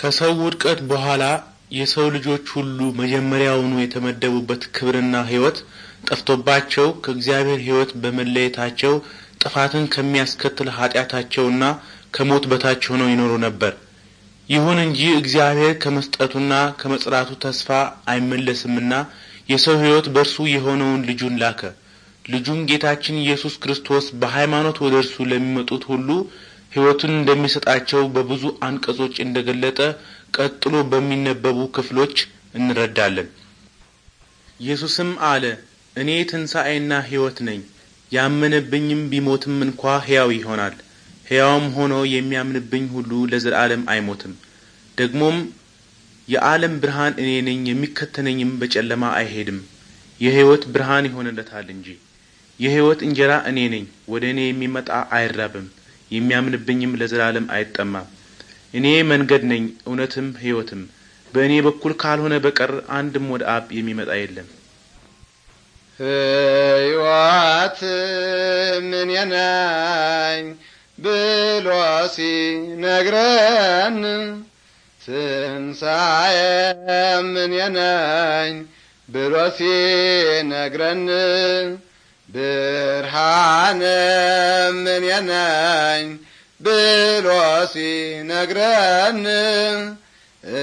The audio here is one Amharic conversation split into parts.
ከሰው ውድቀት በኋላ የሰው ልጆች ሁሉ መጀመሪያውኑ የተመደቡበት ክብርና ሕይወት ጠፍቶባቸው ከእግዚአብሔር ሕይወት በመለየታቸው ጥፋትን ከሚያስከትል ኃጢአታቸውና ከሞት በታች ሆነው ይኖሩ ነበር። ይሁን እንጂ እግዚአብሔር ከመስጠቱና ከመጽራቱ ተስፋ አይመለስምና የሰው ሕይወት በእርሱ የሆነውን ልጁን ላከ። ልጁን ጌታችን ኢየሱስ ክርስቶስ በሃይማኖት ወደ እርሱ ለሚመጡት ሁሉ ህይወቱን እንደሚሰጣቸው በብዙ አንቀጾች እንደገለጠ ቀጥሎ በሚነበቡ ክፍሎች እንረዳለን። ኢየሱስም አለ፣ እኔ ትንሣኤና ሕይወት ነኝ። ያመነብኝም ቢሞትም እንኳ ሕያው ይሆናል። ሕያውም ሆኖ የሚያምንብኝ ሁሉ ለዘላለም አይሞትም። ደግሞም የዓለም ብርሃን እኔ ነኝ፣ የሚከተነኝም በጨለማ አይሄድም፣ የሕይወት ብርሃን ይሆንለታል እንጂ። የሕይወት እንጀራ እኔ ነኝ፣ ወደ እኔ የሚመጣ አይራብም የሚያምንብኝም ለዘላለም አይጠማም። እኔ መንገድ ነኝ እውነትም ሕይወትም፣ በእኔ በኩል ካልሆነ በቀር አንድም ወደ አብ የሚመጣ የለም። ሕይወት ምን የናኝ ብሎ ሲነግረን ትንሣኤ ምን የናኝ ብሎ ሲነግረን ብርሃን ምን ነኝ ብሎ ሲነግረን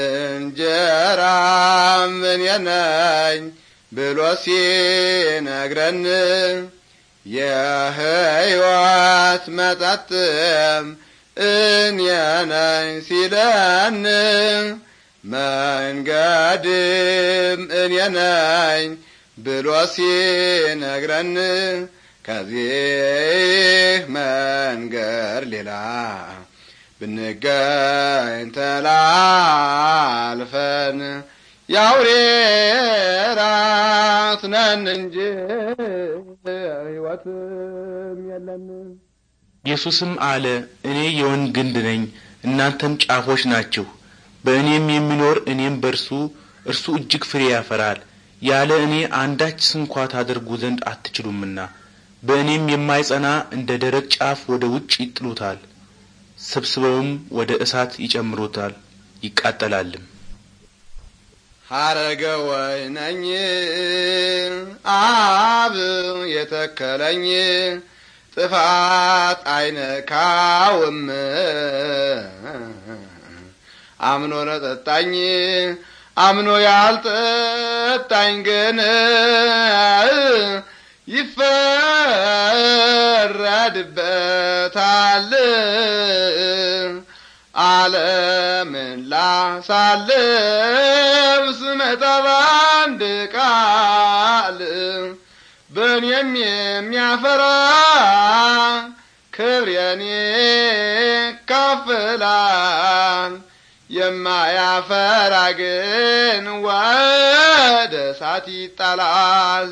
እንጀራ እኔ ነኝ ብሎ ሲነግረን የሕይወት መጠጥም እኔ ነኝ ሲለን መንገድም እኔ ነኝ ብሎ ሲነግረን ከዚህ መንገድ ሌላ ብንገኝ ተላልፈን የአውሬ ራት ነን እንጂ ሕይወትም የለን። ኢየሱስም አለ፣ እኔ የወይን ግንድ ነኝ፣ እናንተም ጫፎች ናችሁ። በእኔም የሚኖር እኔም በእርሱ እርሱ እጅግ ፍሬ ያፈራል። ያለ እኔ አንዳች ስንኳ ታደርጉ ዘንድ አትችሉምና በእኔም የማይጸና እንደ ደረቅ ጫፍ ወደ ውጭ ይጥሉታል፣ ሰብስበውም ወደ እሳት ይጨምሩታል፣ ይቃጠላልም። ሐረገ ወይነኝ አብ የተከለኝ ጥፋት አይነካውም አምኖ ነጠጣኝ አምኖ ያልጠጣኝ ግን ይፈረድበታል። ዓለምን ላሳልፍ ስመጣ በአንድ ቃል በእኔም የሚያፈራ ክብሬን ይካፈላል። የማያፈራ ግን ወደ እሳት ይጣላል።